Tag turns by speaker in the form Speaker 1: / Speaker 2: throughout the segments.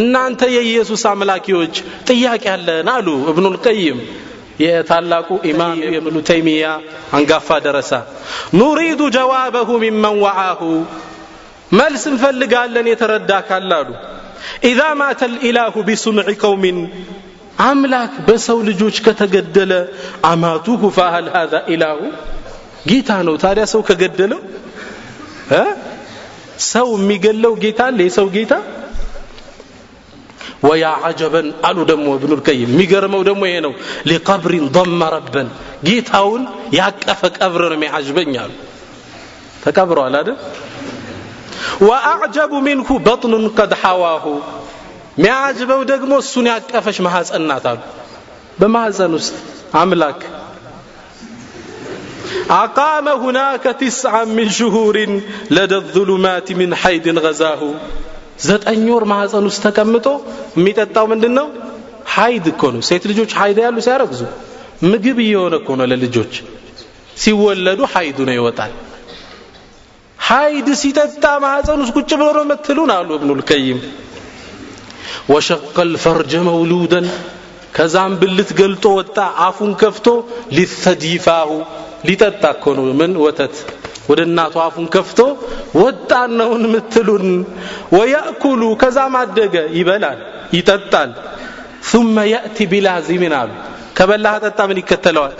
Speaker 1: እናንተ የኢየሱስ አምላኪዎች ጥያቄ አለን አሉ እብኑል ቀይም የታላቁ ኢማም የብኑ ተይሚያ አንጋፋ ደረሳ ኑሪዱ ጀዋበሁ ሚመን ወዓሁ መልስ እንፈልጋለን የተረዳ ካላሉ ኢዛ ማተ ልኢላሁ ቢሱንዒ ቀውሚን አምላክ በሰው ልጆች ከተገደለ አማቱሁ ፋሃል ሃዛ ኢላሁ ጌታ ነው ታዲያ ሰው ከገደለው ሰው የሚገለው ጌታ አለ የሰው ጌታ ويا عجبا قالوا دمو ابن القيم ميغرمو دمو ينو إيه لقبر ضم ربا جيتاون يا كف قبر ما يعجبني قالوا فقبره على ده واعجب منه بطن قد حواه ما عجبو دغمو سن يا كفش ما حصنات قالوا بما حصن است املاك أقام هناك تسعة من شهور لدى الظلمات من حيد غزاه ዘጠኝ ወር ማህፀን ውስጥ ተቀምጦ የሚጠጣው ምንድነው ነው ሀይድ እኮ ነው ሴት ልጆች ሀይድ ያሉ ሲያረግዙ ምግብ እየሆነ እኮ ነው ለልጆች ሲወለዱ ሀይዱ ነው ይወጣል ሀይድ ሲጠጣ ማህፀን ውስጥ ቁጭ ብሎ ነው መትሉን አሉ እብኑል ቀይም ወሸቀ ልፈርጀ መውሉደን ከዛም ብልት ገልጦ ወጣ አፉን ከፍቶ ሊስተዲፋሁ ሊጠጣ እኮ ነው ምን ወተት ወደ እናቱ አፉን ከፍቶ ወጣን ነውን ምትሉን ወያእኩሉ ከዛም አደገ ይበላል ይጠጣል ثم የእቲ بلازم አሉ ከበላ ጠጣ ምን ይከተለዋል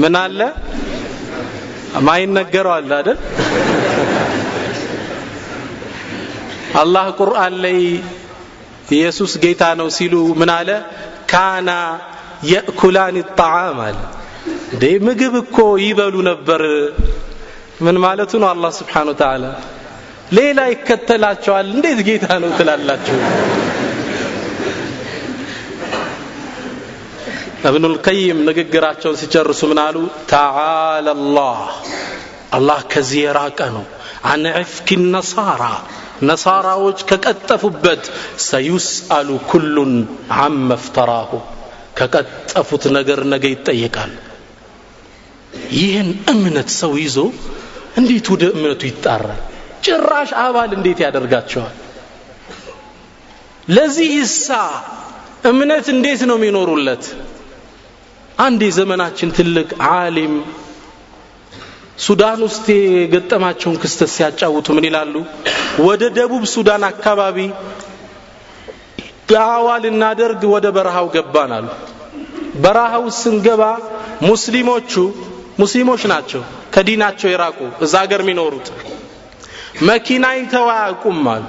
Speaker 1: ምን አለ ማይነገረው አለ አላህ ቁርአን ላይ ኢየሱስ ጌታ ነው ሲሉ ምን አለ ካና የእኩላን ጣዓም አለ ምግብ እኮ ይበሉ ነበር ምን ማለቱ ነው አላህ ስብሓን ተዓላ ሌላ ይከተላቸዋል እንዴት ጌታ ነው ትላላችሁ ابن القيم ንግግራቸውን ሲጨርሱ ምን አሉ ተዓላ ላህ አላህ ከዚህ የራቀ ነው አን ዕፍኪ ነሳራ ነሳራዎች ከቀጠፉበት ሰዩስ አሉ ኩሉን አመ ፍተራሁ ከቀጠፉት ነገር ነገ ይጠየቃል ይህን እምነት ሰው ይዞ እንዴት ወደ እምነቱ ይጣራል? ጭራሽ አባል እንዴት ያደርጋቸዋል? ለዚህ እሳ እምነት እንዴት ነው የሚኖሩለት? አንድ የዘመናችን ትልቅ ዓሊም ሱዳን ውስጥ የገጠማቸውን ክስተት ሲያጫውቱ ምን ይላሉ? ወደ ደቡብ ሱዳን አካባቢ ዳዋ ልናደርግ ወደ በረሃው ገባን አሉ። በረሃው ስንገባ ሙስሊሞቹ ሙስሊሞች ናቸው ከዲናቸው የራቁ እዛ ሀገር የሚኖሩት መኪና ይተው አያውቁም አሉ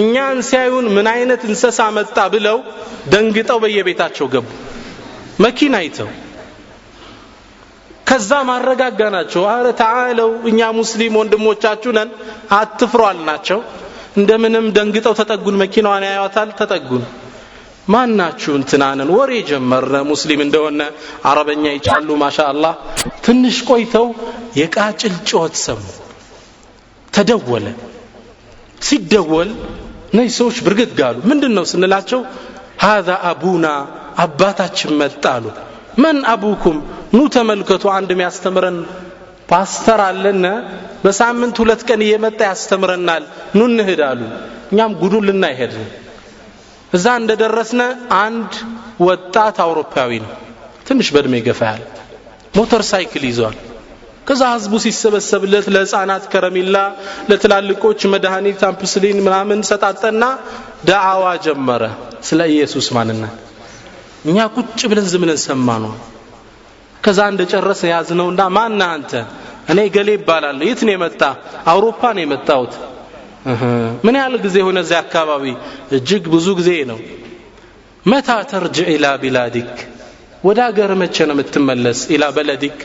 Speaker 1: እኛን ሲያዩን ምን አይነት እንስሳ መጣ ብለው ደንግጠው በየቤታቸው ገቡ መኪና ይተው ከዛ ማረጋጋ ናቸው አረ ተአለው እኛ ሙስሊም ወንድሞቻችሁ ነን አትፍሯል ናቸው እንደምንም ደንግጠው ተጠጉን መኪናዋን ያዩታል ተጠጉን ማናችሁ እንትናንን ወሬ ጀመረ ሙስሊም እንደሆነ አረበኛ ይቻሉ ማሻአላ ትንሽ ቆይተው የቃጭል ጮት ሰሙ ተደወለ ሲደወል እነዚህ ሰዎች ብርግት ጋሉ ምንድን ነው ስንላቸው ሀዛ አቡና አባታችን መጣሉ አሉ መን አቡኩም ኑ ተመልከቱ አንድ የሚያስተምረን ፓስተር አለነ በሳምንት ሁለት ቀን እየመጣ ያስተምረናል ኑ እንሄዳሉ እኛም ጉዱልና ይሄድ እዛ እንደደረስነ አንድ ወጣት አውሮፓዊ ነው ትንሽ በእድሜ ገፋ ያለ ሞተር ሳይክል ይዟል። ከዛ ህዝቡ ሲሰበሰብለት ለህፃናት ከረሜላ ለትላልቆች መድኃኒት አምፕስሊን ምናምን ሰጣጠና ዳዓዋ ጀመረ ስለ ኢየሱስ ማንነት እኛ ቁጭ ብለን ዝምለን ሰማ ነው ከዛ እንደጨረሰ ያዝነውና ማና አንተ እኔ ገሌ ይባላለሁ የት ነው የመጣ አውሮፓ ነው የመጣሁት ምን ያህል ጊዜ ሆነ እዚያ አካባቢ እጅግ ብዙ ጊዜ ነው መታ ተርጅ ኢላ ቢላዲክ ወደ አገር መቼ ነው የምትመለስ ኢላ በለዲክ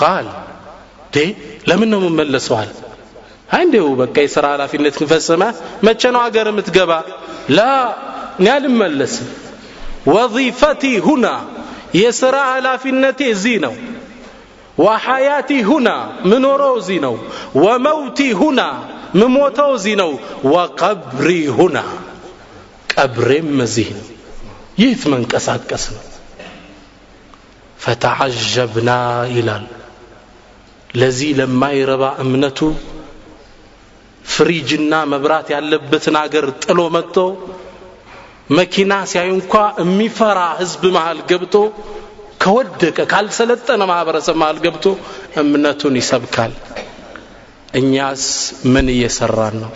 Speaker 1: ቃል ዴ ለምን ነው የምመለሰዋል አይ እንዲሁ በቃ የሥራ ኃላፊነት ፈጽመ መቼ ነው አገር የምትገባ ላ እኔ አልመለስም ወظيፈቲ ሁና የሥራ ኃላፊነቴ እዚህ ነው وحياتي هنا من روزي نو وموتي هنا ምሞተው እዚህ ነው ወቀብሪ ሁና ቀብሬም እዚህ ነው ይህት መንቀሳቀስ ነው ፈተዓጀብና ይላል ለዚህ ለማይረባ እምነቱ ፍሪጅና መብራት ያለበትን አገር ጥሎ መጥቶ መኪና ሲያዩ እንኳ የሚፈራ ህዝብ መሃል ገብቶ ከወደቀ ካልሰለጠነ ማህበረሰብ መሃል ገብቶ እምነቱን ይሰብካል እኛስ ምን እየሰራን ነው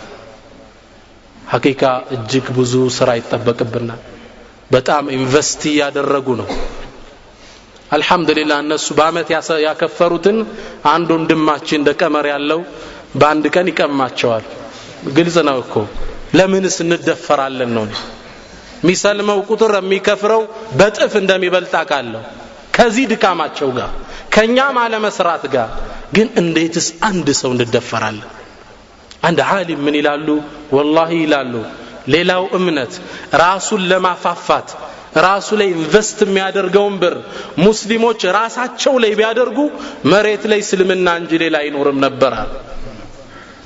Speaker 1: ሀቂቃ እጅግ ብዙ ስራ ይጠበቅብናል በጣም ኢንቨስቲ እያደረጉ ነው አልহামዱሊላህ እነሱ በአመት ያከፈሩትን አንድ ወንድማችን እንደ ቀመር ያለው በአንድ ቀን ይቀማቸዋል ግልጽ ነው እኮ ለምንስ እንደፈራለን ነው የሚሰልመው ቁጥር የሚከፍረው በጥፍ እንደሚበልጣ ቃለው ከዚህ ድካማቸው ጋር ከእኛም አለመስራት ጋር ግን እንዴትስ አንድ ሰው እንደደፈራለን አንድ ዓሊም ምን ይላሉ ወላሂ ይላሉ ሌላው እምነት ራሱን ለማፋፋት ራሱ ላይ ኢንቨስት የሚያደርገውን ብር ሙስሊሞች ራሳቸው ላይ ቢያደርጉ መሬት ላይ እስልምና እንጂ ሌላ አይኖርም ነበራል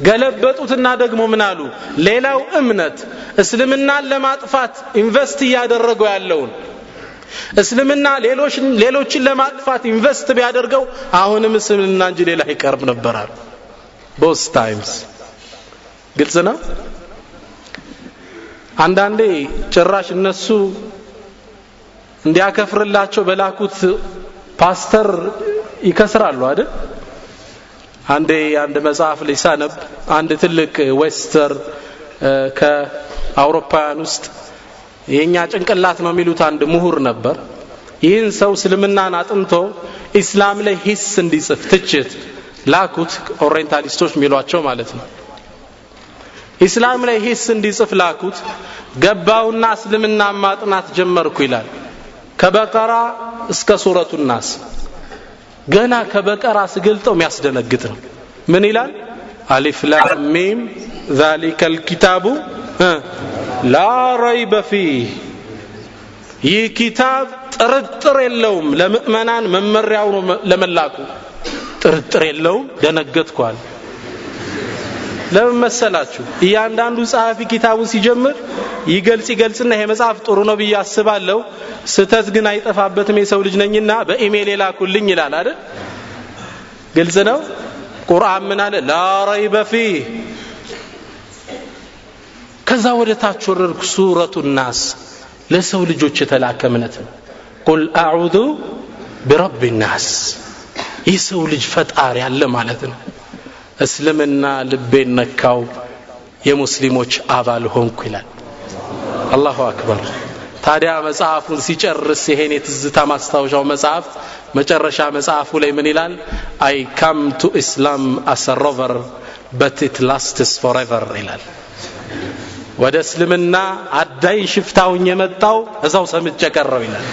Speaker 1: ገለበጡትና ደግሞ ምን አሉ ሌላው እምነት እስልምናን ለማጥፋት ኢንቨስት እያደረገው ያለውን እስልምና ሌሎችን ለማጥፋት ኢንቨስት ቢያደርገው አሁንም እስልምና እንጂ ሌላ ይቀርብ ነበራል ቦስ ታይምስ ግልጽ ነው አንዳንዴ ጭራሽ እነሱ እንዲያከፍርላቸው በላኩት ፓስተር ይከስራሉ አይደል አንዴ አንድ መጽሐፍ ላይ ሳነብ አንድ ትልቅ ዌስተር uh, ከአውሮፓውያን ውስጥ የእኛ ጭንቅላት ነው የሚሉት አንድ ምሁር ነበር ይህን ሰው እስልምናን አጥንቶ ኢስላም ላይ ሂስ እንዲጽፍ ትችት ላኩት ኦሪንታሊስቶች የሚሏቸው ማለት ነው ኢስላም ላይ ሂስ እንዲጽፍ ላኩት ገባውና እስልምና ማጥናት ጀመርኩ ይላል ከበቀራ እስከ ሱረቱ ናስ ገና ከበቀራ ስገልጠው የሚያስደነግጥ ነው ምን ይላል አሊፍ ላም ሚም ذلك ላ ረይበ ፊህ ይህ ኪታብ ጥርጥር የለውም ለምእመናን መመሪያው ለመላኩ ጥርጥር የለውም ደነገጥኳል ለምን መሰላችሁ እያንዳንዱ ጸሐፊ ኪታቡን ሲጀምር ይገልጽ ይገልጽና ይሄ መጽሐፍ ጥሩ ነው ብዬ አስባለሁ ስተት ግን አይጠፋበትም የሰው ልጅ ነኝና በኢሜል የላኩልኝ ይላል አይደል ግልጽ ነው ቁርአን ምን አለ ላ ረይበ ፊህ ከዛ ወደ ታች ወረድኩ ሱረቱ ናስ ለሰው ልጆች የተላከ እምነት ነው ቁል አዑዙ ቢረቢ ናስ የሰው ልጅ ፈጣሪ አለ ማለት ነው እስልምና ልቤ ነካው የሙስሊሞች አባል ሆንኩ ይላል አላሁ አክበር ታዲያ መጽሐፉን ሲጨርስ ይሄን የትዝታ ማስታወሻው መጽሐፍ መጨረሻ መጽሐፉ ላይ ምን ይላል አይ ካም ቱ ኢስላም አሰሮቨር በት ኢት ላስትስ ፎረቨር ይላል ወደ እስልምና አዳኝ ሽፍታውኝ የመጣው እዛው ሰምቼ ቀረው ይላል።